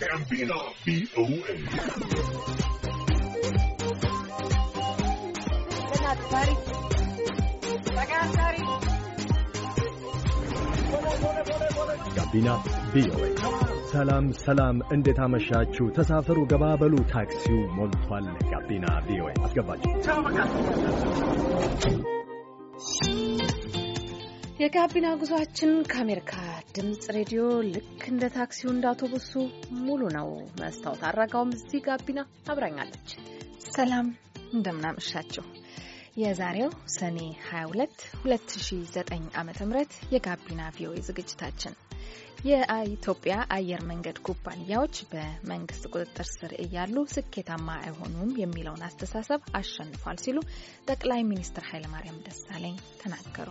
ጋቢና ቪኦኤ ጋቢና ቪኦኤ። ሰላም ሰላም፣ እንዴት አመሻችሁ? ተሳፈሩ፣ ገባበሉ፣ ታክሲው ሞልቷል። ጋቢና ቪኦኤ አስገባችሁ። የጋቢና ጉዟችን ከአሜሪካ ድምፅ ሬዲዮ ልክ እንደ ታክሲው እንደ አውቶቡሱ ሙሉ ነው። መስታወት አረጋውም እዚህ ጋቢና አብራኛለች። ሰላም እንደምናመሻቸው የዛሬው ሰኔ 22 2009 ዓ ም የጋቢና ቪኦኤ ዝግጅታችን የኢትዮጵያ አየር መንገድ ኩባንያዎች በመንግስት ቁጥጥር ስር እያሉ ስኬታማ አይሆኑም የሚለውን አስተሳሰብ አሸንፏል ሲሉ ጠቅላይ ሚኒስትር ኃይለማርያም ደሳለኝ ተናገሩ።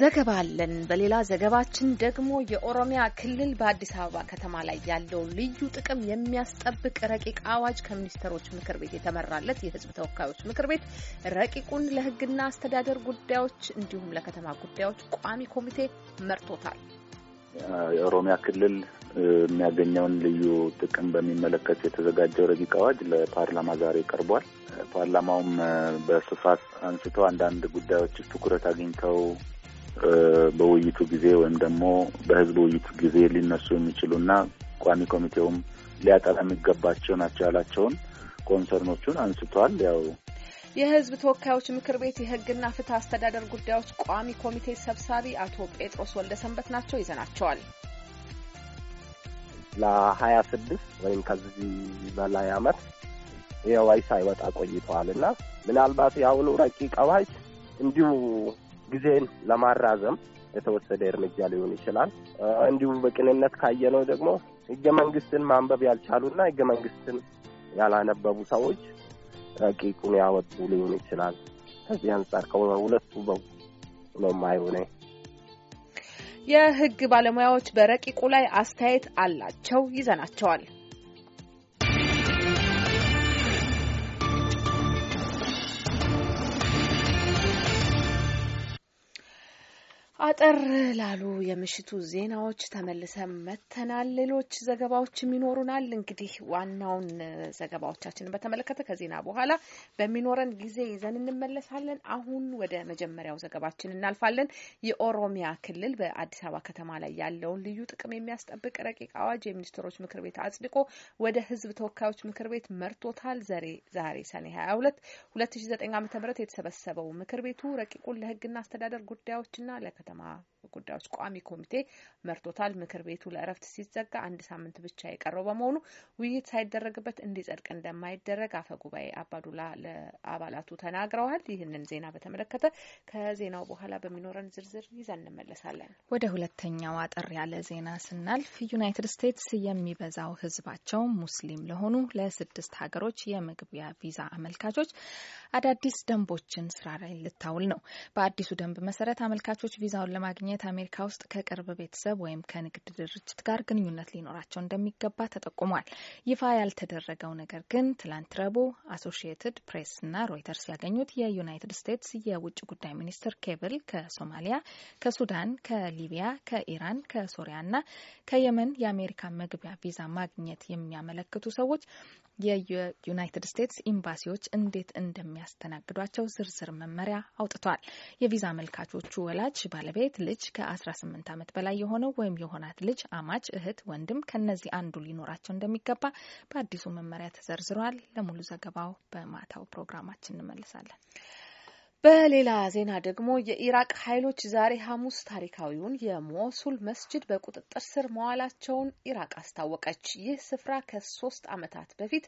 ዘገባ አለን። በሌላ ዘገባችን ደግሞ የኦሮሚያ ክልል በአዲስ አበባ ከተማ ላይ ያለው ልዩ ጥቅም የሚያስጠብቅ ረቂቅ አዋጅ ከሚኒስትሮች ምክር ቤት የተመራለት የሕዝብ ተወካዮች ምክር ቤት ረቂቁን ለሕግና አስተዳደር ጉዳዮች እንዲሁም ለከተማ ጉዳዮች ቋሚ ኮሚቴ መርቶታል። የኦሮሚያ ክልል የሚያገኘውን ልዩ ጥቅም በሚመለከት የተዘጋጀው ረቂቅ አዋጅ ለፓርላማ ዛሬ ቀርቧል። ፓርላማውም በስፋት አንስቶ አንዳንድ ጉዳዮች ትኩረት አግኝተው በውይይቱ ጊዜ ወይም ደግሞ በህዝብ ውይይቱ ጊዜ ሊነሱ የሚችሉና ቋሚ ኮሚቴውም ሊያጠራ የሚገባቸው ናቸው ያላቸውን ኮንሰርኖቹን አንስቷል። ያው የህዝብ ተወካዮች ምክር ቤት የህግና ፍትህ አስተዳደር ጉዳዮች ቋሚ ኮሚቴ ሰብሳቢ አቶ ጴጥሮስ ወልደሰንበት ናቸው። ይዘናቸዋል። ለሀያ ስድስት ወይም ከዚህ በላይ አመት ይኸው ሳይወጣ ቆይተዋል እና ምናልባት የአሁኑ ረቂቅ አዋጅ እንዲሁ ጊዜን ለማራዘም የተወሰደ እርምጃ ሊሆን ይችላል። እንዲሁም በቅንነት ካየነው ደግሞ ህገ መንግስትን ማንበብ ያልቻሉና ህገ መንግስትን ያላነበቡ ሰዎች ረቂቁን ያወጡ ሊሆን ይችላል። ከዚህ አንጻር ከሁለቱ ነው የህግ ባለሙያዎች በረቂቁ ላይ አስተያየት አላቸው። ይዘናቸዋል። አጠር ላሉ የምሽቱ ዜናዎች ተመልሰን መተናል። ሌሎች ዘገባዎችም ይኖሩናል። እንግዲህ ዋናውን ዘገባዎቻችንን በተመለከተ ከዜና በኋላ በሚኖረን ጊዜ ይዘን እንመለሳለን። አሁን ወደ መጀመሪያው ዘገባችን እናልፋለን። የኦሮሚያ ክልል በአዲስ አበባ ከተማ ላይ ያለውን ልዩ ጥቅም የሚያስጠብቅ ረቂቅ አዋጅ የሚኒስትሮች ምክር ቤት አጽድቆ ወደ ሕዝብ ተወካዮች ምክር ቤት መርቶታል። ዛሬ ዛሬ ሰኔ 22 2009 ዓ.ም የተሰበሰበው ምክር ቤቱ ረቂቁን ለሕግና አስተዳደር ጉዳዮችና ለከተማ የከተማ ጉዳዮች ቋሚ ኮሚቴ መርቶታል። ምክር ቤቱ ለእረፍት ሲዘጋ አንድ ሳምንት ብቻ የቀረው በመሆኑ ውይይት ሳይደረግበት እንዲጸድቅ እንደማይደረግ አፈ ጉባኤ አባዱላ ለአባላቱ ተናግረዋል። ይህንን ዜና በተመለከተ ከዜናው በኋላ በሚኖረን ዝርዝር ይዘን እንመለሳለን። ወደ ሁለተኛው አጠር ያለ ዜና ስናልፍ ዩናይትድ ስቴትስ የሚበዛው ሕዝባቸው ሙስሊም ለሆኑ ለስድስት ሀገሮች የመግቢያ ቪዛ አመልካቾች አዳዲስ ደንቦችን ስራ ላይ ልታውል ነው። በአዲሱ ደንብ መሰረት አመልካቾች ቪዛ እውቅናውን ለማግኘት አሜሪካ ውስጥ ከቅርብ ቤተሰብ ወይም ከንግድ ድርጅት ጋር ግንኙነት ሊኖራቸው እንደሚገባ ተጠቁሟል። ይፋ ያልተደረገው ነገር ግን ትላንት ረቡዕ ፕሬስ እና ሮይተርስ ያገኙት የዩናይትድ ስቴትስ የውጭ ጉዳይ ሚኒስትር ኬብል ከሶማሊያ፣ ከሱዳን፣ ከሊቢያ፣ ከኢራን፣ እና ከየመን የአሜሪካ መግቢያ ቪዛ ማግኘት የሚያመለክቱ ሰዎች የዩናይትድ ስቴትስ ኤምባሲዎች እንዴት እንደሚያስተናግዷቸው ዝርዝር መመሪያ አውጥቷል። የቪዛ አመልካቾቹ ወላጅ፣ ባለቤት፣ ልጅ ከ18 ዓመት በላይ የሆነው ወይም የሆናት ልጅ፣ አማች፣ እህት፣ ወንድም ከነዚህ አንዱ ሊኖራቸው እንደሚገባ በአዲሱ መመሪያ ተዘርዝሯል። ለሙሉ ዘገባው በማታው ፕሮግራማችን እንመልሳለን። በሌላ ዜና ደግሞ የኢራቅ ኃይሎች ዛሬ ሐሙስ ታሪካዊውን የሞሱል መስጅድ በቁጥጥር ስር መዋላቸውን ኢራቅ አስታወቀች። ይህ ስፍራ ከሶስት ዓመታት በፊት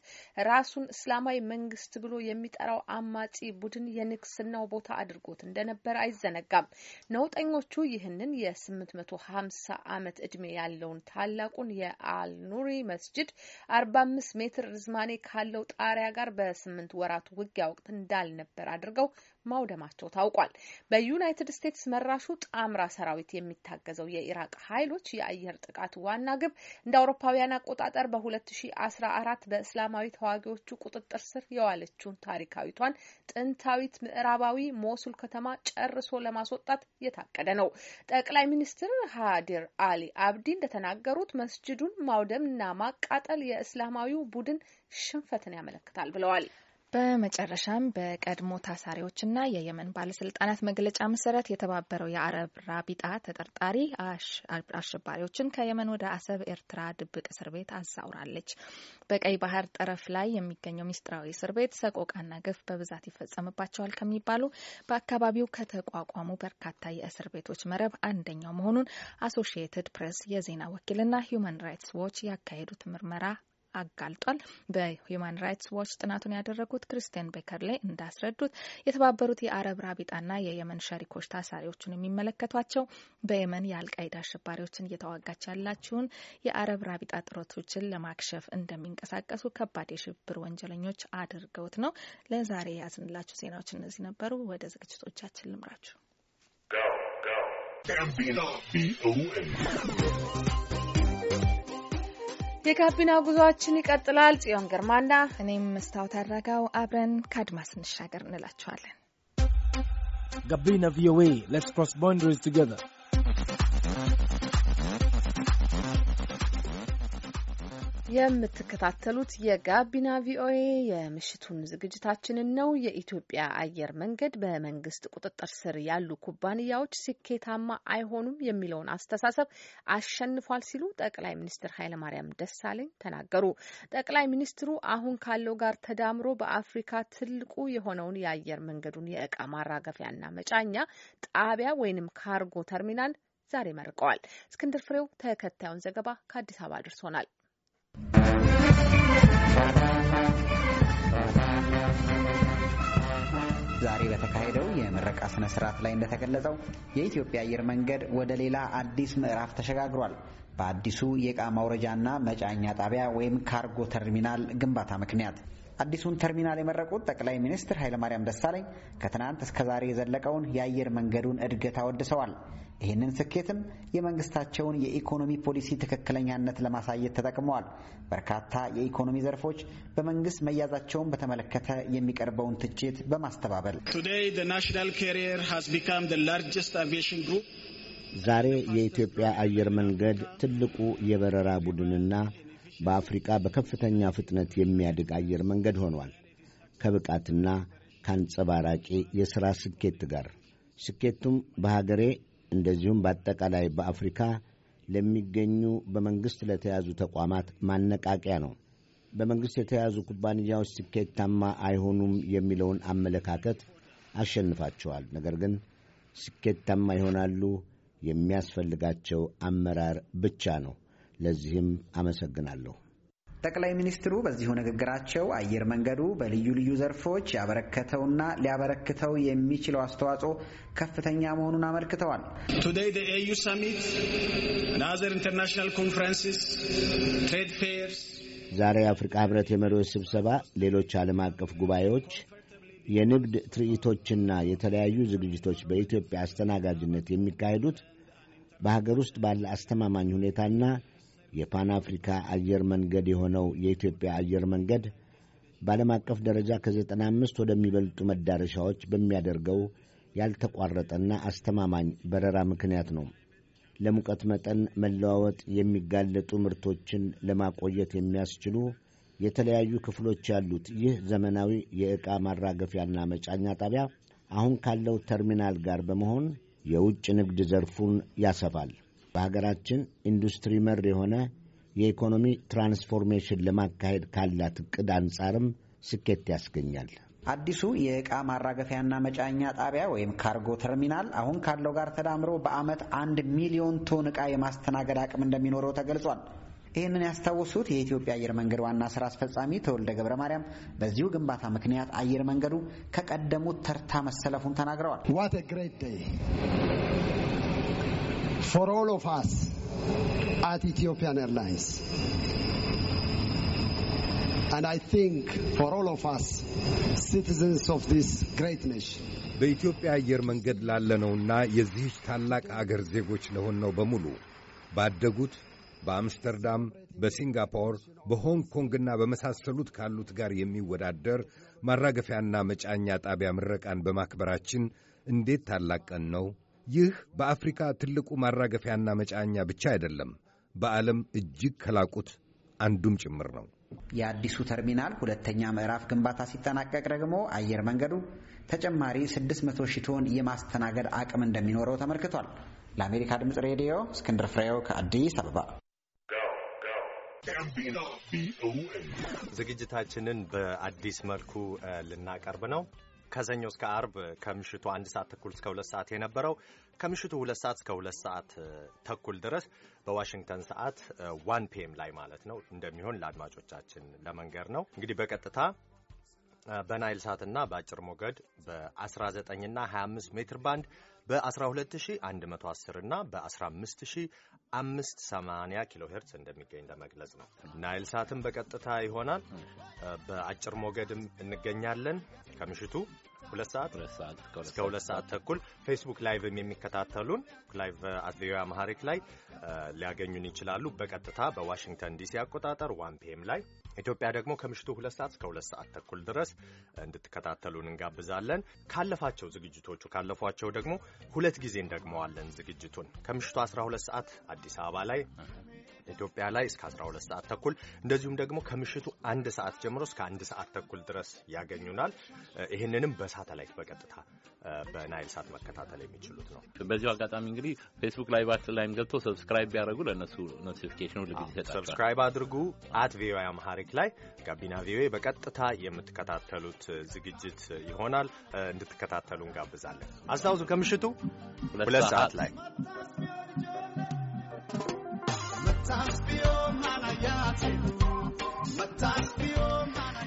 ራሱን እስላማዊ መንግስት ብሎ የሚጠራው አማጺ ቡድን የንግስናው ቦታ አድርጎት እንደነበር አይዘነጋም። ነውጠኞቹ ይህንን የ850 ዓመት ዕድሜ ያለውን ታላቁን የአልኑሪ መስጅድ 45 ሜትር ርዝማኔ ካለው ጣሪያ ጋር በስምንት ወራት ውጊያ ወቅት እንዳልነበር አድርገው ማውደማቸው ታውቋል። በዩናይትድ ስቴትስ መራሹ ጣምራ ሰራዊት የሚታገዘው የኢራቅ ኃይሎች የአየር ጥቃት ዋና ግብ እንደ አውሮፓውያን አቆጣጠር በ2014 በእስላማዊ ተዋጊዎቹ ቁጥጥር ስር የዋለችውን ታሪካዊቷን ጥንታዊት ምዕራባዊ ሞሱል ከተማ ጨርሶ ለማስወጣት የታቀደ ነው። ጠቅላይ ሚኒስትር ሃዲር አሊ አብዲ እንደተናገሩት መስጅዱን ማውደምና ማቃጠል የእስላማዊው ቡድን ሽንፈትን ያመለክታል ብለዋል። በመጨረሻም በቀድሞ ታሳሪዎችና የየመን ባለስልጣናት መግለጫ መሰረት የተባበረው የአረብ ራቢጣ ተጠርጣሪ አሸባሪዎችን ከየመን ወደ አሰብ ኤርትራ ድብቅ እስር ቤት አዛውራለች። በቀይ ባህር ጠረፍ ላይ የሚገኘው ሚስጥራዊ እስር ቤት ሰቆቃና ግፍ በብዛት ይፈጸምባቸዋል ከሚባሉ በአካባቢው ከተቋቋሙ በርካታ የእስር ቤቶች መረብ አንደኛው መሆኑን አሶሺየትድ ፕሬስ የዜና ወኪልና ሂውማን ራይትስ ዎች ያካሄዱት ምርመራ አጋልጧል። በሁማን ራይትስ ዋች ጥናቱን ያደረጉት ክርስቲያን ቤከር ላይ እንዳስረዱት የተባበሩት የአረብ ራቢጣና የየመን ሸሪኮች ታሳሪዎቹን የሚመለከቷቸው በየመን የአልቃይዳ አሸባሪዎችን እየተዋጋች ያላችውን የአረብ ራቢጣ ጥረቶችን ለማክሸፍ እንደሚንቀሳቀሱ ከባድ የሽብር ወንጀለኞች አድርገውት ነው። ለዛሬ ያዝንላችሁ ዜናዎች እነዚህ ነበሩ። ወደ ዝግጅቶቻችን ልምራችሁ። የጋቢና ጉዟችን ይቀጥላል። ጽዮን ግርማና እኔም መስታወት አድረጋው አብረን ከአድማስ እንሻገር እንላችኋለን። ጋቢና ቪኦኤ ሌትስ ክሮስ ቦንደሪስ ቱጌዘር የምትከታተሉት የጋቢና ቪኦኤ የምሽቱን ዝግጅታችንን ነው። የኢትዮጵያ አየር መንገድ በመንግስት ቁጥጥር ስር ያሉ ኩባንያዎች ስኬታማ አይሆኑም የሚለውን አስተሳሰብ አሸንፏል ሲሉ ጠቅላይ ሚኒስትር ኃይለማርያም ደሳለኝ ተናገሩ። ጠቅላይ ሚኒስትሩ አሁን ካለው ጋር ተዳምሮ በአፍሪካ ትልቁ የሆነውን የአየር መንገዱን የእቃ ማራገፊያና መጫኛ ጣቢያ ወይንም ካርጎ ተርሚናል ዛሬ መርቀዋል። እስክንድር ፍሬው ተከታዩን ዘገባ ከአዲስ አበባ አድርሶናል። ዛሬ በተካሄደው የምረቃ ስነ ስርዓት ላይ እንደተገለጸው የኢትዮጵያ አየር መንገድ ወደ ሌላ አዲስ ምዕራፍ ተሸጋግሯል። በአዲሱ የዕቃ ማውረጃና መጫኛ ጣቢያ ወይም ካርጎ ተርሚናል ግንባታ ምክንያት አዲሱን ተርሚናል የመረቁት ጠቅላይ ሚኒስትር ኃይለማርያም ደሳለኝ ከትናንት እስከ ዛሬ የዘለቀውን የአየር መንገዱን እድገት አወድሰዋል። ይህንን ስኬትም የመንግስታቸውን የኢኮኖሚ ፖሊሲ ትክክለኛነት ለማሳየት ተጠቅመዋል። በርካታ የኢኮኖሚ ዘርፎች በመንግስት መያዛቸውን በተመለከተ የሚቀርበውን ትችት በማስተባበል ዛሬ የኢትዮጵያ አየር መንገድ ትልቁ የበረራ ቡድንና በአፍሪቃ በከፍተኛ ፍጥነት የሚያድግ አየር መንገድ ሆኗል። ከብቃትና ከአንጸባራቂ የሥራ ስኬት ጋር ስኬቱም በሀገሬ እንደዚሁም በአጠቃላይ በአፍሪካ ለሚገኙ በመንግሥት ለተያዙ ተቋማት ማነቃቂያ ነው። በመንግሥት የተያዙ ኩባንያዎች ስኬታማ አይሆኑም የሚለውን አመለካከት አሸንፋቸዋል። ነገር ግን ስኬታማ ይሆናሉ የሚያስፈልጋቸው አመራር ብቻ ነው። ለዚህም አመሰግናለሁ። ጠቅላይ ሚኒስትሩ በዚሁ ንግግራቸው አየር መንገዱ በልዩ ልዩ ዘርፎች ያበረከተውና ሊያበረክተው የሚችለው አስተዋጽኦ ከፍተኛ መሆኑን አመልክተዋል። ዛሬ የአፍሪቃ ህብረት የመሪዎች ስብሰባ፣ ሌሎች ዓለም አቀፍ ጉባኤዎች፣ የንግድ ትርኢቶችና የተለያዩ ዝግጅቶች በኢትዮጵያ አስተናጋጅነት የሚካሄዱት በሀገር ውስጥ ባለ አስተማማኝ ሁኔታና የፓን አፍሪካ አየር መንገድ የሆነው የኢትዮጵያ አየር መንገድ በዓለም አቀፍ ደረጃ ከ95 ወደሚበልጡ መዳረሻዎች በሚያደርገው ያልተቋረጠና አስተማማኝ በረራ ምክንያት ነው። ለሙቀት መጠን መለዋወጥ የሚጋለጡ ምርቶችን ለማቆየት የሚያስችሉ የተለያዩ ክፍሎች ያሉት ይህ ዘመናዊ የዕቃ ማራገፊያና መጫኛ ጣቢያ አሁን ካለው ተርሚናል ጋር በመሆን የውጭ ንግድ ዘርፉን ያሰፋል። በሀገራችን ኢንዱስትሪ መር የሆነ የኢኮኖሚ ትራንስፎርሜሽን ለማካሄድ ካላት እቅድ አንጻርም ስኬት ያስገኛል። አዲሱ የእቃ ማራገፊያና መጫኛ ጣቢያ ወይም ካርጎ ተርሚናል አሁን ካለው ጋር ተዳምሮ በዓመት አንድ ሚሊዮን ቶን ዕቃ የማስተናገድ አቅም እንደሚኖረው ተገልጿል። ይህንን ያስታወሱት የኢትዮጵያ አየር መንገድ ዋና ስራ አስፈጻሚ ተወልደ ገብረ ማርያም በዚሁ ግንባታ ምክንያት አየር መንገዱ ከቀደሙት ተርታ መሰለፉን ተናግረዋል። for all of us at Ethiopian Airlines. And I think for all of us, citizens of this great nation. በኢትዮጵያ አየር መንገድ ላለነውና የዚህች ታላቅ አገር ዜጎች ለሆነው በሙሉ ባደጉት በአምስተርዳም፣ በሲንጋፖር፣ በሆንግ ኮንግና በመሳሰሉት ካሉት ጋር የሚወዳደር ማራገፊያና መጫኛ ጣቢያ ምረቃን በማክበራችን እንዴት ታላቅ ቀን ነው! ይህ በአፍሪካ ትልቁ ማራገፊያና መጫኛ ብቻ አይደለም፣ በዓለም እጅግ ከላቁት አንዱም ጭምር ነው። የአዲሱ ተርሚናል ሁለተኛ ምዕራፍ ግንባታ ሲጠናቀቅ ደግሞ አየር መንገዱ ተጨማሪ 600 ሺህ ቶን የማስተናገድ አቅም እንደሚኖረው ተመልክቷል። ለአሜሪካ ድምፅ ሬዲዮ እስክንድር ፍሬው ከአዲስ አበባ። ዝግጅታችንን በአዲስ መልኩ ልናቀርብ ነው። ከሰኞ እስከ አርብ ከምሽቱ አንድ ሰዓት ተኩል እስከ ሁለት ሰዓት የነበረው ከምሽቱ ሁለት ሰዓት እስከ ሁለት ሰዓት ተኩል ድረስ በዋሽንግተን ሰዓት ዋን ፒኤም ላይ ማለት ነው እንደሚሆን ለአድማጮቻችን ለመንገር ነው። እንግዲህ በቀጥታ በናይል ሳትና በአጭር ሞገድ በ19ና 25 ሜትር ባንድ በ12110 እና በ15580 ኪሎ ሄርትስ እንደሚገኝ ለመግለጽ ነው። ናይል ሳትም በቀጥታ ይሆናል። በአጭር ሞገድም እንገኛለን ከምሽቱ ሁለት ሰዓት እስከ ሁለት ሰዓት ተኩል ፌስቡክ ላይቭም የሚከታተሉን ላይቭ አት ቪኦኤ ላይ ሊያገኙን ይችላሉ። በቀጥታ በዋሽንግተን ዲሲ አቆጣጠር ዋን ፒኤም ላይ ኢትዮጵያ ደግሞ ከምሽቱ ሁለት ሰዓት እስከ ሁለት ሰዓት ተኩል ድረስ እንድትከታተሉን እንጋብዛለን። ካለፋቸው ዝግጅቶቹ ካለፏቸው ደግሞ ሁለት ጊዜ እንደግመዋለን ዝግጅቱን ከምሽቱ 12 ሰዓት አዲስ አበባ ላይ ኢትዮጵያ ላይ እስከ 12 ሰዓት ተኩል እንደዚሁም ደግሞ ከምሽቱ አንድ ሰዓት ጀምሮ እስከ አንድ ሰዓት ተኩል ድረስ ያገኙናል። ይህንንም በሳተላይት በቀጥታ በናይል ሳት መከታተል የሚችሉት ነው። በዚሁ አጋጣሚ እንግዲህ ፌስቡክ ላይ ባት ላይም ገብቶ ሰብስክራይብ ቢያደርጉ ለእነሱ ኖቲፊኬሽኑ ልግ ይሰጣል። ሰብስክራይብ አድርጉ። አት ቪኦኤ አምሃሪክ ላይ ጋቢና ቪኦኤ በቀጥታ የምትከታተሉት ዝግጅት ይሆናል። እንድትከታተሉ እንጋብዛለን። አስታውሱ ከምሽቱ ሁለት ሰዓት ላይ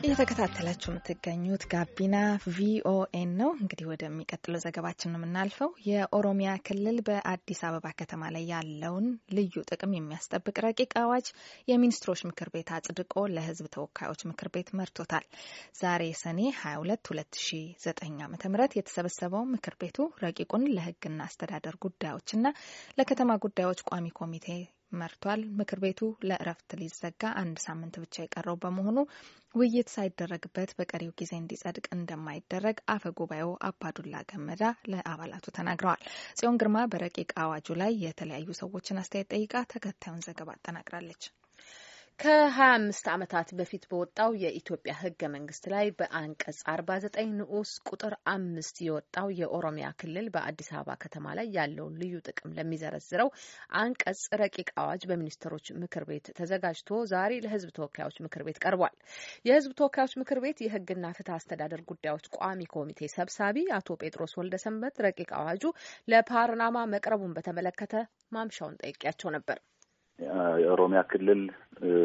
እየተከታተላችሁ የምትገኙት ጋቢና ቪኦኤን ነው። እንግዲህ ወደሚቀጥለው ዘገባችን ነው የምናልፈው። የኦሮሚያ ክልል በአዲስ አበባ ከተማ ላይ ያለውን ልዩ ጥቅም የሚያስጠብቅ ረቂቅ አዋጅ የሚኒስትሮች ምክር ቤት አጽድቆ ለሕዝብ ተወካዮች ምክር ቤት መርቶታል። ዛሬ ሰኔ 22 2009 ዓ ም የተሰበሰበው ምክር ቤቱ ረቂቁን ለሕግና አስተዳደር ጉዳዮችና ለከተማ ጉዳዮች ቋሚ ኮሚቴ መርቷል። ምክር ቤቱ ለእረፍት ሊዘጋ አንድ ሳምንት ብቻ የቀረው በመሆኑ ውይይት ሳይደረግበት በቀሪው ጊዜ እንዲጸድቅ እንደማይደረግ አፈ ጉባኤው አባዱላ ገመዳ ለአባላቱ ተናግረዋል። ጽዮን ግርማ በረቂቅ አዋጁ ላይ የተለያዩ ሰዎችን አስተያየት ጠይቃ ተከታዩን ዘገባ አጠናቅራለች። ከ25 ዓመታት በፊት በወጣው የኢትዮጵያ ህገ መንግስት ላይ በአንቀጽ 49 ንዑስ ቁጥር አምስት የወጣው የኦሮሚያ ክልል በአዲስ አበባ ከተማ ላይ ያለውን ልዩ ጥቅም ለሚዘረዝረው አንቀጽ ረቂቅ አዋጅ በሚኒስትሮች ምክር ቤት ተዘጋጅቶ ዛሬ ለህዝብ ተወካዮች ምክር ቤት ቀርቧል። የህዝብ ተወካዮች ምክር ቤት የህግና ፍትህ አስተዳደር ጉዳዮች ቋሚ ኮሚቴ ሰብሳቢ አቶ ጴጥሮስ ወልደሰንበት ረቂቅ አዋጁ ለፓርላማ መቅረቡን በተመለከተ ማምሻውን ጠይቄያቸው ነበር። የኦሮሚያ ክልል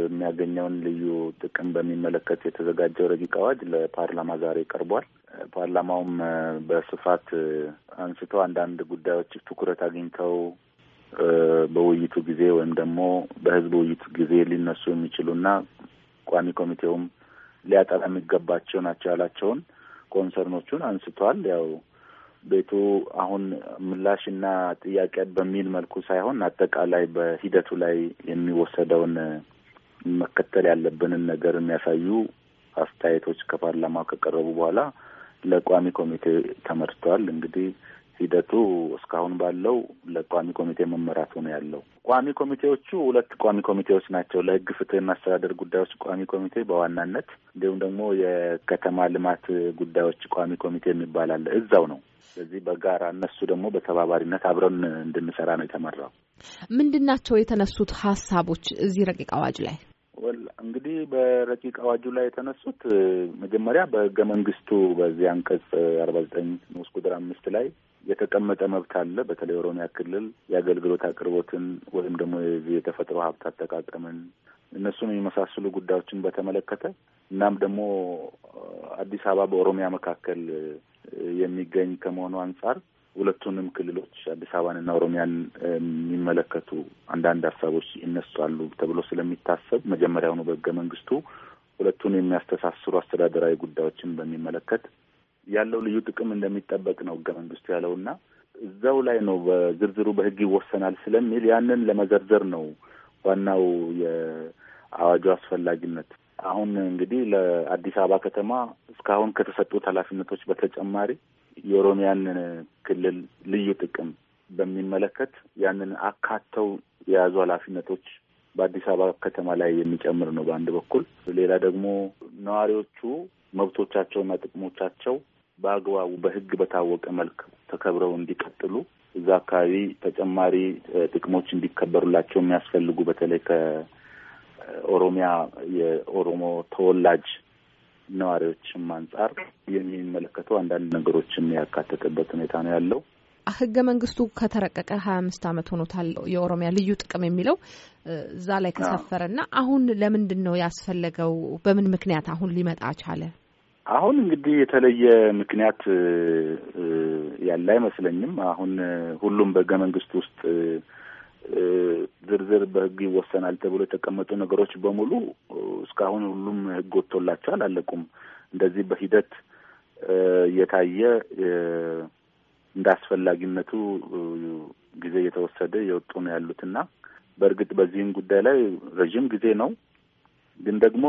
የሚያገኘውን ልዩ ጥቅም በሚመለከት የተዘጋጀው ረቂቅ አዋጅ ለፓርላማ ዛሬ ቀርቧል። ፓርላማውም በስፋት አንስቶ አንዳንድ ጉዳዮች ትኩረት አግኝተው በውይይቱ ጊዜ ወይም ደግሞ በህዝብ ውይይት ጊዜ ሊነሱ የሚችሉና ቋሚ ኮሚቴውም ሊያጠራ የሚገባቸው ናቸው ያላቸውን ኮንሰርኖቹን አንስቷል። ያው ቤቱ አሁን ምላሽና ጥያቄ በሚል መልኩ ሳይሆን አጠቃላይ በሂደቱ ላይ የሚወሰደውን መከተል ያለብንን ነገር የሚያሳዩ አስተያየቶች ከፓርላማ ከቀረቡ በኋላ ለቋሚ ኮሚቴ ተመርቷል። እንግዲህ ሂደቱ እስካሁን ባለው ለቋሚ ኮሚቴ መመራቱ ነው ያለው። ቋሚ ኮሚቴዎቹ ሁለት ቋሚ ኮሚቴዎች ናቸው። ለሕግ ፍትሕና አስተዳደር ጉዳዮች ቋሚ ኮሚቴ በዋናነት እንዲሁም ደግሞ የከተማ ልማት ጉዳዮች ቋሚ ኮሚቴ የሚባል አለ። እዛው ነው ስለዚህ በጋራ እነሱ ደግሞ በተባባሪነት አብረን እንድንሰራ ነው የተመራው። ምንድን ናቸው የተነሱት ሀሳቦች እዚህ ረቂቅ አዋጅ ላይ? እንግዲህ በረቂቅ አዋጁ ላይ የተነሱት መጀመሪያ በህገ መንግስቱ በዚህ አንቀጽ አርባ ዘጠኝ ንዑስ ቁጥር አምስት ላይ የተቀመጠ መብት አለ። በተለይ ኦሮሚያ ክልል የአገልግሎት አቅርቦትን ወይም ደግሞ የተፈጥሮ ሀብት አጠቃቀምን እነሱን የመሳሰሉ ጉዳዮችን በተመለከተ እናም ደግሞ አዲስ አበባ በኦሮሚያ መካከል የሚገኝ ከመሆኑ አንጻር ሁለቱንም ክልሎች አዲስ አበባንና ኦሮሚያን የሚመለከቱ አንዳንድ ሀሳቦች ይነሳሉ ተብሎ ስለሚታሰብ መጀመሪያውኑ በህገ መንግስቱ ሁለቱን የሚያስተሳስሩ አስተዳደራዊ ጉዳዮችን በሚመለከት ያለው ልዩ ጥቅም እንደሚጠበቅ ነው ህገ መንግስቱ እና እዛው ላይ ነው በዝርዝሩ በህግ ይወሰናል ስለሚል ያንን ለመዘርዘር ነው ዋናው የአዋጁ አስፈላጊነት። አሁን እንግዲህ ለአዲስ አበባ ከተማ እስካሁን ከተሰጡት ኃላፊነቶች በተጨማሪ የኦሮሚያን ክልል ልዩ ጥቅም በሚመለከት ያንን አካተው የያዙ ኃላፊነቶች በአዲስ አበባ ከተማ ላይ የሚጨምር ነው በአንድ በኩል። ሌላ ደግሞ ነዋሪዎቹ መብቶቻቸውና ጥቅሞቻቸው በአግባቡ በሕግ በታወቀ መልክ ተከብረው እንዲቀጥሉ እዛ አካባቢ ተጨማሪ ጥቅሞች እንዲከበሩላቸው የሚያስፈልጉ በተለይ ኦሮሚያ የኦሮሞ ተወላጅ ነዋሪዎችም አንጻር የሚመለከተው አንዳንድ ነገሮችን ያካተተበት ሁኔታ ነው ያለው። ህገ መንግስቱ ከተረቀቀ ሀያ አምስት አመት ሆኖታል። የኦሮሚያ ልዩ ጥቅም የሚለው እዛ ላይ ከሰፈረ እና አሁን ለምንድን ነው ያስፈለገው? በምን ምክንያት አሁን ሊመጣ ቻለ? አሁን እንግዲህ የተለየ ምክንያት ያለ አይመስለኝም። አሁን ሁሉም በህገ መንግስት ውስጥ ዝርዝር በህግ ይወሰናል ተብሎ የተቀመጡ ነገሮች በሙሉ እስካሁን ሁሉም ህግ ወጥቶላቸዋል፣ አለቁም። እንደዚህ በሂደት እየታየ እንደ አስፈላጊነቱ ጊዜ እየተወሰደ የወጡ ነው ያሉትና በእርግጥ በዚህም ጉዳይ ላይ ረዥም ጊዜ ነው፣ ግን ደግሞ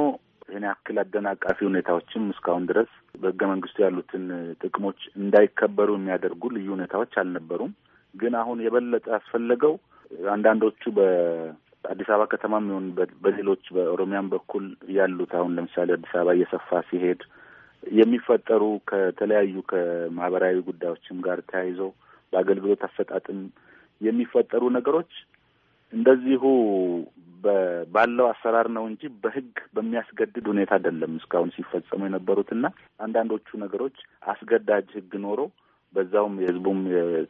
ይህን ያክል አደናቃፊ ሁኔታዎችም እስካሁን ድረስ በህገ መንግስቱ ያሉትን ጥቅሞች እንዳይከበሩ የሚያደርጉ ልዩ ሁኔታዎች አልነበሩም። ግን አሁን የበለጠ ያስፈለገው አንዳንዶቹ በአዲስ አበባ ከተማ የሚሆን በሌሎች በኦሮሚያን በኩል ያሉት አሁን ለምሳሌ አዲስ አበባ እየሰፋ ሲሄድ የሚፈጠሩ ከተለያዩ ከማህበራዊ ጉዳዮችም ጋር ተያይዘው በአገልግሎት አሰጣጥም የሚፈጠሩ ነገሮች እንደዚሁ ባለው አሰራር ነው እንጂ በሕግ በሚያስገድድ ሁኔታ አይደለም እስካሁን ሲፈጸሙ የነበሩትና አንዳንዶቹ ነገሮች አስገዳጅ ሕግ ኖሮ በዛውም የህዝቡም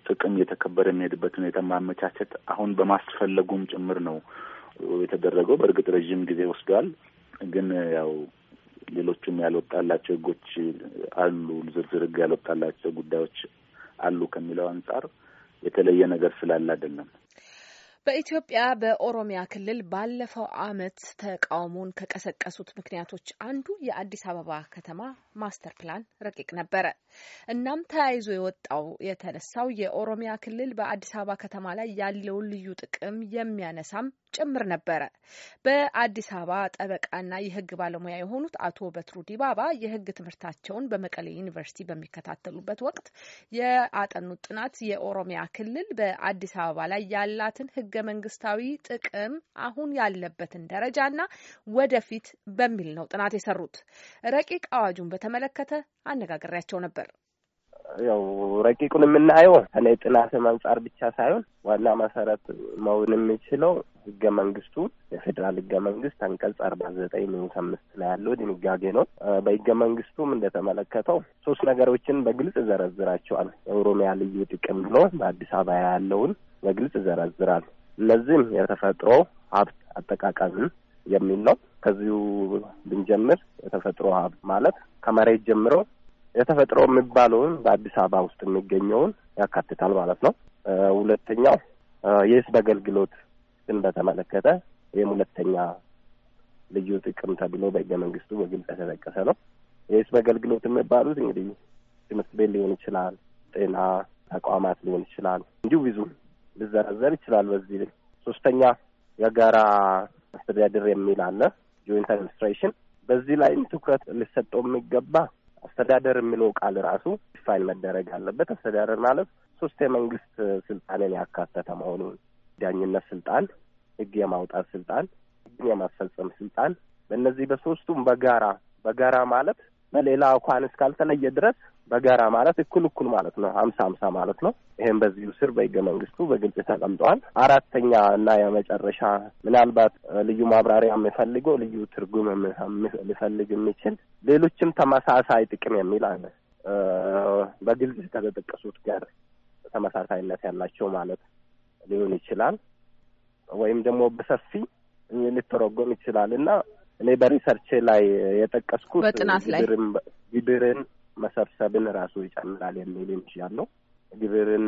ጥቅም እየተከበረ የሚሄድበት ሁኔታ ማመቻቸት አሁን በማስፈለጉም ጭምር ነው የተደረገው። በእርግጥ ረዥም ጊዜ ወስዷል። ግን ያው ሌሎቹም ያልወጣላቸው ህጎች አሉ፣ ዝርዝር ህግ ያልወጣላቸው ጉዳዮች አሉ ከሚለው አንጻር የተለየ ነገር ስላለ አይደለም። በኢትዮጵያ በኦሮሚያ ክልል ባለፈው ዓመት ተቃውሞን ከቀሰቀሱት ምክንያቶች አንዱ የአዲስ አበባ ከተማ ማስተር ፕላን ረቂቅ ነበረ። እናም ተያይዞ የወጣው የተነሳው የኦሮሚያ ክልል በአዲስ አበባ ከተማ ላይ ያለውን ልዩ ጥቅም የሚያነሳም ጭምር ነበረ። በአዲስ አበባ ጠበቃና የሕግ ባለሙያ የሆኑት አቶ በትሩ ዲባባ የሕግ ትምህርታቸውን በመቀሌ ዩኒቨርሲቲ በሚከታተሉበት ወቅት የአጠኑት ጥናት የኦሮሚያ ክልል በአዲስ አበባ ላይ ያላትን ሕግ ህገ መንግስታዊ ጥቅም አሁን ያለበትን ደረጃና ወደፊት በሚል ነው ጥናት የሰሩት። ረቂቅ አዋጁን በተመለከተ አነጋግሬያቸው ነበር። ያው ረቂቁን የምናየው እኔ ጥናትም አንጻር ብቻ ሳይሆን ዋና መሰረት መሆን የሚችለው ህገ መንግስቱ የፌዴራል ህገ መንግስት አንቀጽ አርባ ዘጠኝ ንዑስ አምስት ላይ ያለው ድንጋጌ ነው። በህገ መንግስቱም እንደተመለከተው ሶስት ነገሮችን በግልጽ ዘረዝራቸዋል። የኦሮሚያ ልዩ ጥቅም ብሎ በአዲስ አበባ ያለውን በግልጽ ዘረዝራል። እነዚህም የተፈጥሮ ሀብት አጠቃቀምን የሚል ነው። ከዚሁ ብንጀምር የተፈጥሮ ሀብት ማለት ከመሬት ጀምሮ የተፈጥሮ የሚባለውን በአዲስ አበባ ውስጥ የሚገኘውን ያካትታል ማለት ነው። ሁለተኛው የህዝብ አገልግሎትን በተመለከተ ይህም ሁለተኛ ልዩ ጥቅም ተብሎ በህገ መንግስቱ በግልጽ የተጠቀሰ ነው። የህዝብ አገልግሎት የሚባሉት እንግዲህ ትምህርት ቤት ሊሆን ይችላል፣ ጤና ተቋማት ሊሆን ይችላል፣ እንዲሁ ብዙ ሊዘረዘር ይችላል። በዚህ ላይ ሶስተኛ የጋራ አስተዳደር የሚል አለ፣ ጆይንት አድሚኒስትሬሽን። በዚህ ላይም ትኩረት ሊሰጠው የሚገባ አስተዳደር የሚለው ቃል ራሱ ዲፋይን መደረግ አለበት። አስተዳደር ማለት ሶስት የመንግስት ስልጣንን ያካተተ መሆኑን ዳኝነት ስልጣን፣ ህግ የማውጣት ስልጣን፣ ህግን የማስፈጸም ስልጣን በእነዚህ በሶስቱም በጋራ በጋራ ማለት በሌላ አኳን እስካልተለየ ድረስ በጋራ ማለት እኩል እኩል ማለት ነው። ሀምሳ ሀምሳ ማለት ነው። ይህም በዚሁ ስር በህገ መንግስቱ በግልጽ ተቀምጠዋል። አራተኛ እና የመጨረሻ ምናልባት ልዩ ማብራሪያ የሚፈልገው ልዩ ትርጉም ሊፈልግ የሚችል ሌሎችም ተመሳሳይ ጥቅም የሚል አለ። በግልጽ ከተጠቀሱት ጋር ተመሳሳይነት ያላቸው ማለት ሊሆን ይችላል ወይም ደግሞ በሰፊ ሊተረጎም ይችላል እና እኔ በሪሰርች ላይ የጠቀስኩት በጥናት ላይ ግብርን መሰብሰብን ራሱ ይጨምራል የሚል እንጂ ያለው ግብርን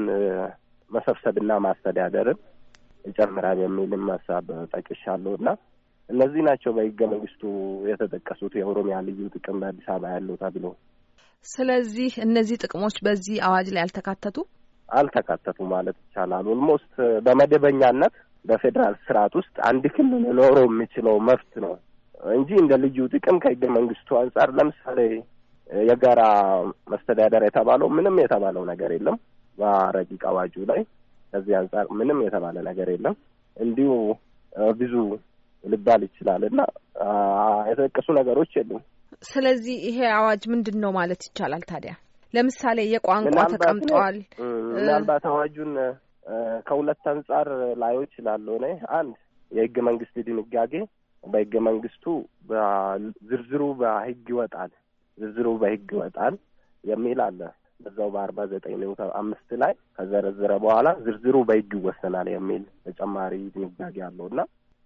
መሰብሰብና ማስተዳደርን ይጨምራል የሚልም ሀሳብ ጠቅሻለሁ እና እነዚህ ናቸው በህገ መንግስቱ የተጠቀሱት የኦሮሚያ ልዩ ጥቅም በአዲስ አበባ ያለው ተብሎ። ስለዚህ እነዚህ ጥቅሞች በዚህ አዋጅ ላይ አልተካተቱ አልተካተቱ ማለት ይቻላል። ኦልሞስት በመደበኛነት በፌዴራል ስርዓት ውስጥ አንድ ክልል ኖሮ የሚችለው መብት ነው እንጂ እንደ ልዩ ጥቅም ከህገ መንግስቱ አንጻር ለምሳሌ የጋራ መስተዳደር የተባለው ምንም የተባለው ነገር የለም በረቂቅ አዋጁ ላይ ከዚህ አንጻር ምንም የተባለ ነገር የለም። እንዲሁ ብዙ ልባል ይችላል እና የተጠቀሱ ነገሮች የሉም። ስለዚህ ይሄ አዋጅ ምንድን ነው ማለት ይቻላል ታዲያ? ለምሳሌ የቋንቋ ተቀምጠዋል። ምናልባት አዋጁን ከሁለት አንጻር ላዩ ይችላል አንድ የህገ መንግስት ድንጋጌ በህገ መንግስቱ ዝርዝሩ በህግ ይወጣል ዝርዝሩ በህግ ይወጣል የሚል አለ በዛው በአርባ ዘጠኝ ንዑስ አምስት ላይ ከዘረዘረ በኋላ ዝርዝሩ በህግ ይወሰናል የሚል ተጨማሪ ድንጋጌ አለው እና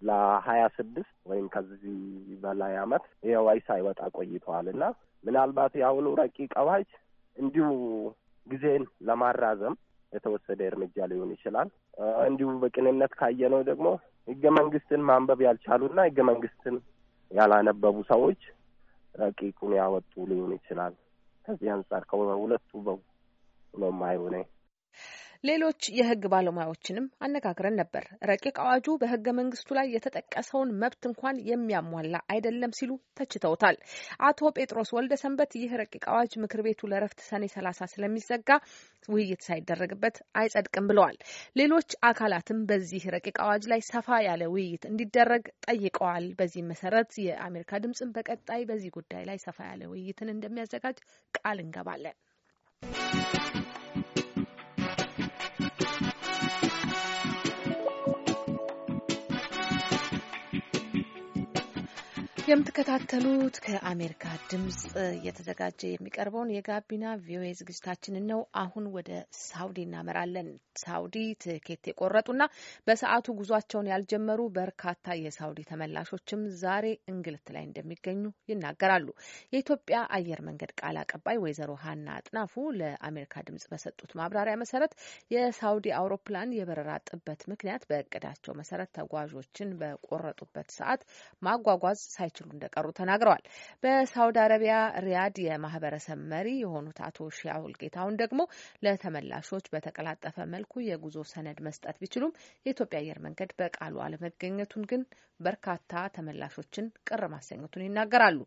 ለሀያ ስድስት ወይም ከዚህ በላይ አመት ይኸው ሳይወጣ ቆይተዋል እና ምናልባት የአሁኑ ረቂቅ አዋጅ እንዲሁ ጊዜን ለማራዘም የተወሰደ እርምጃ ሊሆን ይችላል። እንዲሁ በቅንነት ካየነው ደግሞ ህገ መንግስትን ማንበብ ያልቻሉና ህገ መንግስትን ያላነበቡ ሰዎች ረቂቁን ያወጡ ሊሆን ይችላል። ከዚህ አንጻር ከሁለቱ ነው የማየው ሌሎች የህግ ባለሙያዎችንም አነጋግረን ነበር። ረቂቅ አዋጁ በህገ መንግስቱ ላይ የተጠቀሰውን መብት እንኳን የሚያሟላ አይደለም ሲሉ ተችተውታል። አቶ ጴጥሮስ ወልደ ሰንበት ይህ ረቂቅ አዋጅ ምክር ቤቱ ለረፍት ሰኔ ሰላሳ ስለሚዘጋ ውይይት ሳይደረግበት አይጸድቅም ብለዋል። ሌሎች አካላትም በዚህ ረቂቅ አዋጅ ላይ ሰፋ ያለ ውይይት እንዲደረግ ጠይቀዋል። በዚህ መሰረት የአሜሪካ ድምፅን በቀጣይ በዚህ ጉዳይ ላይ ሰፋ ያለ ውይይትን እንደሚያዘጋጅ ቃል እንገባለን። የምትከታተሉት ከአሜሪካ ድምፅ እየተዘጋጀ የሚቀርበውን የጋቢና ቪኦኤ ዝግጅታችንን ነው። አሁን ወደ ሳውዲ እናመራለን። ሳውዲ ትኬት የቆረጡና በሰዓቱ ጉዟቸውን ያልጀመሩ በርካታ የሳውዲ ተመላሾችም ዛሬ እንግልት ላይ እንደሚገኙ ይናገራሉ። የኢትዮጵያ አየር መንገድ ቃል አቀባይ ወይዘሮ ሀና አጥናፉ ለአሜሪካ ድምጽ በሰጡት ማብራሪያ መሰረት የሳውዲ አውሮፕላን የበረራ ጥበት ምክንያት በእቅዳቸው መሰረት ተጓዦችን በቆረጡበት ሰዓት ማጓጓዝ ሳይችሉ ሳይችሉ እንደቀሩ ተናግረዋል። በሳውዲ አረቢያ ሪያድ የማህበረሰብ መሪ የሆኑት አቶ ሺያውል ጌታሁን ደግሞ ለተመላሾች በተቀላጠፈ መልኩ የጉዞ ሰነድ መስጠት ቢችሉም የኢትዮጵያ አየር መንገድ በቃሉ አለመገኘቱን ግን በርካታ ተመላሾችን ቅር ማሰኘቱን ይናገራሉ።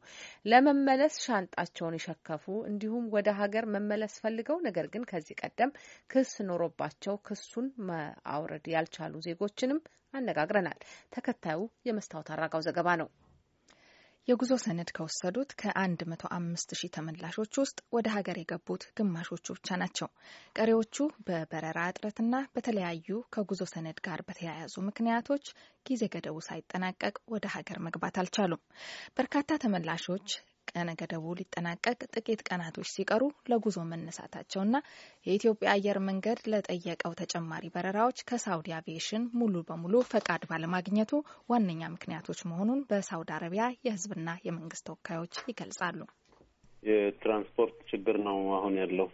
ለመመለስ ሻንጣቸውን የሸከፉ እንዲሁም ወደ ሀገር መመለስ ፈልገው ነገር ግን ከዚህ ቀደም ክስ ኖሮባቸው ክሱን ማውረድ ያልቻሉ ዜጎችንም አነጋግረናል። ተከታዩ የመስታወት አራጋው ዘገባ ነው። የጉዞ ሰነድ ከወሰዱት ከ105 ሺህ ተመላሾች ውስጥ ወደ ሀገር የገቡት ግማሾቹ ብቻ ናቸው። ቀሪዎቹ በበረራ እጥረትና በተለያዩ ከጉዞ ሰነድ ጋር በተያያዙ ምክንያቶች ጊዜ ገደቡ ሳይጠናቀቅ ወደ ሀገር መግባት አልቻሉም። በርካታ ተመላሾች ቀነ ገደቡ ሊጠናቀቅ ጥቂት ቀናቶች ሲቀሩ ለጉዞ መነሳታቸውና የኢትዮጵያ አየር መንገድ ለጠየቀው ተጨማሪ በረራዎች ከሳውዲ አቪዬሽን ሙሉ በሙሉ ፈቃድ ባለማግኘቱ ዋነኛ ምክንያቶች መሆኑን በሳውዲ አረቢያ የሕዝብና የመንግስት ተወካዮች ይገልጻሉ። የትራንስፖርት ችግር ነው አሁን ያለው።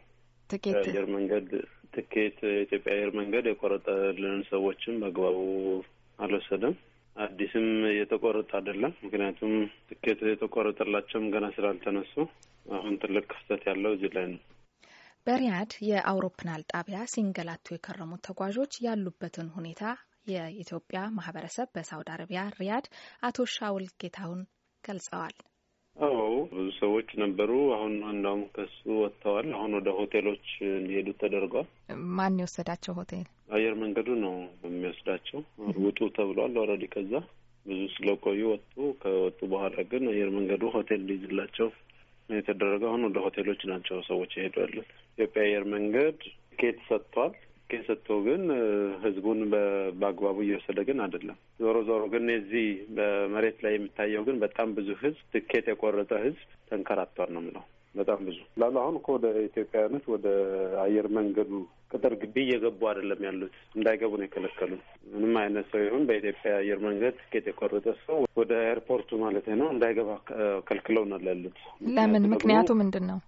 ትኬት አየር መንገድ ትኬት የኢትዮጵያ አየር መንገድ የቆረጠልንን ሰዎችን በአግባቡ አልወሰደም። አዲስም የተቆረጠ አይደለም። ምክንያቱም ትኬት የተቆረጠላቸውም ገና ስላልተነሱ አሁን ትልቅ ክፍተት ያለው እዚህ ላይ ነው። በሪያድ የአውሮፕላን ጣቢያ ሲንገላቱ የከረሙት ተጓዦች ያሉበትን ሁኔታ የኢትዮጵያ ማህበረሰብ በሳውዲ አረቢያ ሪያድ አቶ ሻውል ጌታሁን ገልጸዋል። አዎ ብዙ ሰዎች ነበሩ። አሁን እንዳውም ከሱ ወጥተዋል። አሁን ወደ ሆቴሎች እንዲሄዱ ተደርጓል። ማን የወሰዳቸው ሆቴል አየር መንገዱ ነው የሚወስዳቸው። ውጡ ተብሏል። ኦልሬዲ ከዛ ብዙ ስለቆዩ ወጡ። ከወጡ በኋላ ግን አየር መንገዱ ሆቴል ሊይዝላቸው የተደረገ አሁን ወደ ሆቴሎች ናቸው ሰዎች ይሄዱ ያሉት። ኢትዮጵያ አየር መንገድ ኬት ሰጥቷል። ኬት ሰጥቶ ግን ህዝቡን በአግባቡ እየወሰደ ግን አይደለም። ዞሮ ዞሮ ግን የዚህ በመሬት ላይ የሚታየው ግን በጣም ብዙ ህዝብ ትኬት የቆረጠ ህዝብ ተንከራቷል ነው የምለው። በጣም ብዙ ላሉ አሁን እኮ ወደ ኢትዮጵያውያኖች ወደ አየር መንገዱ ቅጥር ግቢ እየገቡ አይደለም ያሉት፣ እንዳይገቡ ነው የከለከሉ። ምንም አይነት ሰው ይሁን በኢትዮጵያ አየር መንገድ ትኬት የቆረጠ ሰው ወደ ኤርፖርቱ ማለት ነው እንዳይገባ ከልክለውናል ያሉት። ለምን? ምክንያቱ ምንድን ነው?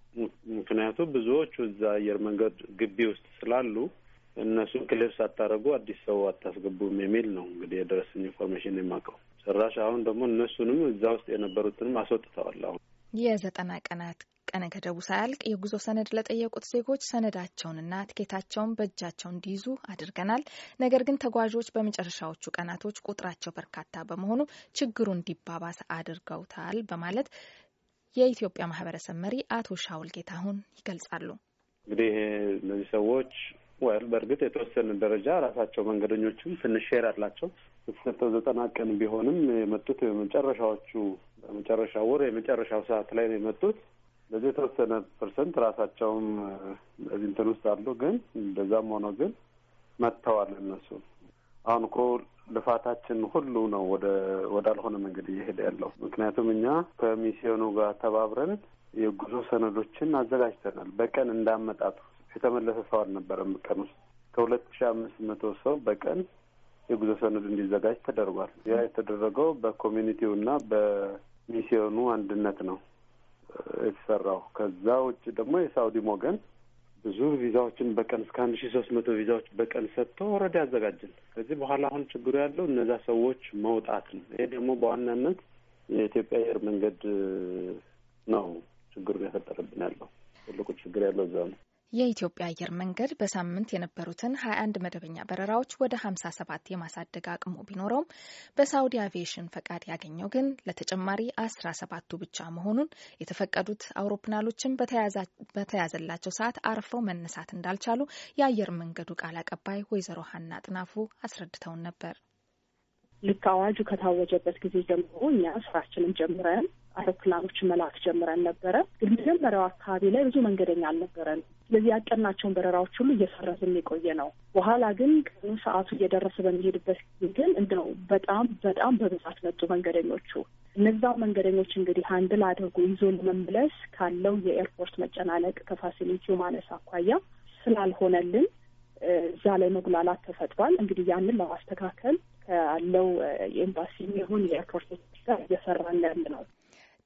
ምክንያቱ ብዙዎቹ እዛ አየር መንገድ ግቢ ውስጥ ስላሉ እነሱን ክልል ሳታደርጉ አዲስ ሰው አታስገቡም የሚል ነው እንግዲህ የደረሰኝ ኢንፎርሜሽን የማውቀው። ጭራሽ አሁን ደግሞ እነሱንም እዛ ውስጥ የነበሩትንም አስወጥተዋል። አሁን የዘጠና ቀናት ቀነ ገደቡ ሳያልቅ የጉዞ ሰነድ ለጠየቁት ዜጎች ሰነዳቸውንና ትኬታቸውን በእጃቸው እንዲይዙ አድርገናል። ነገር ግን ተጓዦች በመጨረሻዎቹ ቀናቶች ቁጥራቸው በርካታ በመሆኑ ችግሩ እንዲባባስ አድርገውታል በማለት የኢትዮጵያ ማህበረሰብ መሪ አቶ ሻውል ጌታሁን ይገልጻሉ። እንግዲህ እነዚህ ሰዎች ወል በእርግጥ የተወሰነ ደረጃ ራሳቸው መንገደኞችም ትንሽ ሼር አላቸው የተሰጠው ዘጠና ቀን ቢሆንም የመጡት የመጨረሻዎቹ በመጨረሻ ወር የመጨረሻው ሰዓት ላይ ነው የመጡት ለዚህ የተወሰነ ፐርሰንት ራሳቸውም እዚህ እንትን ውስጥ አሉ። ግን እንደዛም ሆኖ ግን መጥተዋል። እነሱ አሁን እኮ ልፋታችን ሁሉ ነው ወደ ወዳልሆነ መንገድ እየሄደ ያለው። ምክንያቱም እኛ ከሚስዮኑ ጋር ተባብረን የጉዞ ሰነዶችን አዘጋጅተናል። በቀን እንዳመጣቱ የተመለሰ ሰው አልነበረም። ቀን ውስጥ ከሁለት ሺ አምስት መቶ ሰው በቀን የጉዞ ሰነድ እንዲዘጋጅ ተደርጓል። ያ የተደረገው በኮሚኒቲው እና በሚስዮኑ አንድነት ነው። የተሰራው። ከዛ ውጭ ደግሞ የሳውዲ ወገን ብዙ ቪዛዎችን በቀን እስከ አንድ ሺ ሶስት መቶ ቪዛዎች በቀን ሰጥቶ ወረዳ ያዘጋጅል። ከዚህ በኋላ አሁን ችግሩ ያለው እነዛ ሰዎች መውጣት ነው። ይሄ ደግሞ በዋናነት የኢትዮጵያ አየር መንገድ ነው ችግሩን የፈጠረብን ያለው ትልቁ ችግር ያለው እዛ ነው። የኢትዮጵያ አየር መንገድ በሳምንት የነበሩትን 21 መደበኛ በረራዎች ወደ 57 የማሳደግ አቅሙ ቢኖረውም በሳውዲ አቪዬሽን ፈቃድ ያገኘው ግን ለተጨማሪ 17ቱ ብቻ መሆኑን፣ የተፈቀዱት አውሮፕላኖችን በተያዘላቸው ሰዓት አርፈው መነሳት እንዳልቻሉ የአየር መንገዱ ቃል አቀባይ ወይዘሮ ሀና ጥናፉ አስረድተውን ነበር። ልክ አዋጁ ከታወጀበት ጊዜ ጀምሮ እኛ ስራችንን ጀምረን አውሮፕላኖችን መላክ ጀምረን ነበረ። ግን መጀመሪያው አካባቢ ላይ ብዙ መንገደኛ አልነበረንም። ስለዚህ ያቀናቸውን በረራዎች ሁሉ እየሰረዝን የቆየ ነው። በኋላ ግን ቀኑ ሰዓቱ እየደረሰ በሚሄድበት ጊዜ ግን እንደው በጣም በጣም በብዛት መጡ መንገደኞቹ። እነዛ መንገደኞች እንግዲህ አንድል አድርጎ ይዞ ለመመለስ ካለው የኤርፖርት መጨናነቅ ከፋሲሊቲው ማነስ አኳያ ስላልሆነልን እዛ ላይ መጉላላት ተፈጥሯል። እንግዲህ ያንን ለማስተካከል ካለው የኤምባሲ የሚሆን የኤርፖርት ጋር እየሰራን ያለ ነው።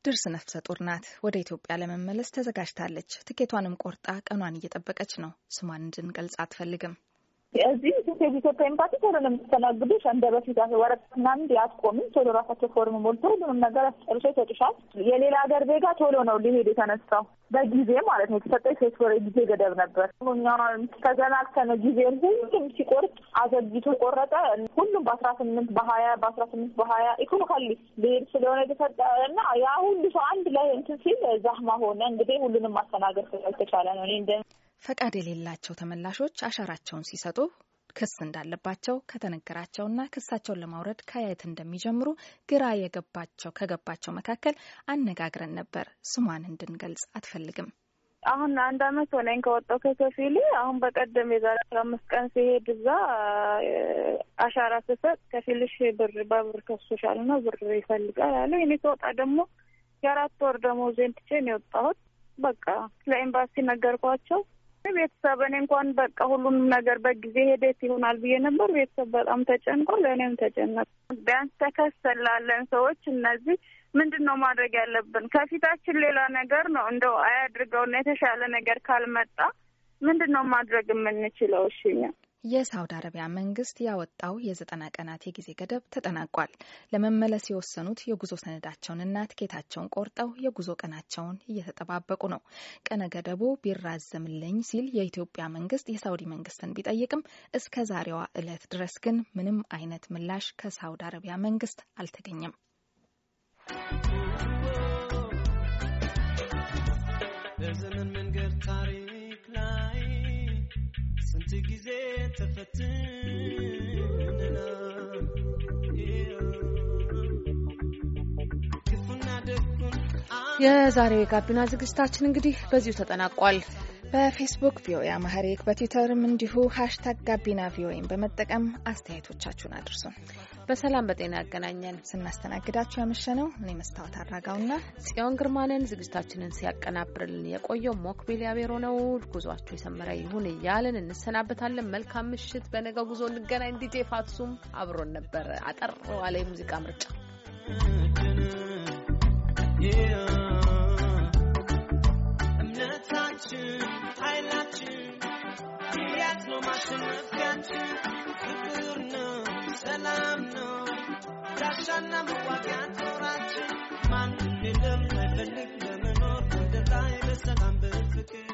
ድርስ ነፍሰ ጡር ናት። ወደ ኢትዮጵያ ለመመለስ ተዘጋጅታለች። ትኬቷንም ቆርጣ ቀኗን እየጠበቀች ነው። ስሟን እንድንገልጽ አትፈልግም። እዚህ ኢትዮጵያ ኢትዮጵያ ኤምባሲ ቶሎ ነው የምትስተናግዱሽ። እንደ በፊት ወረቀት ምናምን አትቆሚም። ቶሎ ራሳቸው ፎርም ሞልቶ ሁሉንም ነገር አስጨርሶ ይሰጡሻል። የሌላ ሀገር ዜጋ ቶሎ ነው ሊሄድ የተነሳው በጊዜ ማለት ነው። የተሰጠኝ ሶስት ወር ጊዜ ገደብ ነበር። ተዘናግተን ጊዜውን ሁሉም ሲቆርጥ አዘግይቶ ቆረጠ። ሁሉም በአስራ ስምንት በሀያ በአስራ ስምንት በሀያ ኢኮኖካሊ ሊሄድ ስለሆነ የተሰጠ እና ያ ሁሉ ሰው አንድ ላይ እንትን ሲል ዛህማ ሆነ። እንግዲህ ሁሉንም ማስተናገድ ስላልተቻለ ነው እኔ እንደ ፈቃድ የሌላቸው ተመላሾች አሻራቸውን ሲሰጡ ክስ እንዳለባቸው ከተነገራቸውና ክሳቸውን ለማውረድ ከየት እንደሚጀምሩ ግራ የገባቸው ከገባቸው መካከል አነጋግረን ነበር። ስሟን እንድንገልጽ አትፈልግም። አሁን አንድ አመት ሆነኝ ከወጣው ከከፊል አሁን በቀደም የዛሬ አስራ አምስት ቀን ሲሄድ እዛ አሻራ ስሰጥ ከፊልሽ ብር በብር ከሶሻል ነው ብር ይፈልጋል አለ። እኔ ስወጣ ደግሞ የአራት ወር ደግሞ ዜንትቼን የወጣሁት። በቃ ለኤምባሲ ነገርኳቸው። ቤተሰብ እኔ እንኳን በቃ ሁሉንም ነገር በጊዜ ሂደት ይሆናል ብዬ ነበር። ቤተሰብ በጣም ተጨንቆ ለእኔም ተጨነቁ። ቢያንስ ተከሰላለን ሰዎች እነዚህ ምንድን ነው ማድረግ ያለብን? ከፊታችን ሌላ ነገር ነው እንደው አያድርገውና የተሻለ ነገር ካልመጣ ምንድን ነው ማድረግ የምንችለው? እሺኛ የሳውዲ አረቢያ መንግስት ያወጣው የዘጠና ቀናት የጊዜ ገደብ ተጠናቋል። ለመመለስ የወሰኑት የጉዞ ሰነዳቸውንና ትኬታቸውን ቆርጠው የጉዞ ቀናቸውን እየተጠባበቁ ነው። ቀነ ገደቡ ቢራዘምልኝ ሲል የኢትዮጵያ መንግስት የሳውዲ መንግስትን ቢጠይቅም እስከ ዛሬዋ ዕለት ድረስ ግን ምንም አይነት ምላሽ ከሳውዲ አረቢያ መንግስት አልተገኘም። ጊዜ የጋቢና ዝግጅታችን እንግዲህ በዚሁ ተጠናቋል። በፌስቡክ ቪኦኤ አማህሪክ በትዊተርም እንዲሁ ሀሽታግ ጋቢና ቪኦኤን በመጠቀም አስተያየቶቻችሁን አድርሱን። በሰላም በጤና ያገናኘን። ስናስተናግዳችሁ ያመሸነው እኔ መስታወት አድራጋውና ጽዮን ግርማንን ዝግጅታችንን ሲያቀናብርልን የቆየው ሞክቤል ያቤሮ ነው። ጉዟችሁ የሰመረ ይሁን እያልን እንሰናበታለን። መልካም ምሽት። በነገ ጉዞ እንገናኝ። ዲጄ ፋትሱም አብሮን ነበር። አጠር ዋለ የሙዚቃ ምርጫ እምነታችን ነው ማሸነፊያችን። ክብር ነው፣ ሰላም ነው፣ ዳሻና መዋጊያ ጦራችን። ማንም የለም አይፈልግ ለመኖር ወደታ በሰላም በፍቅር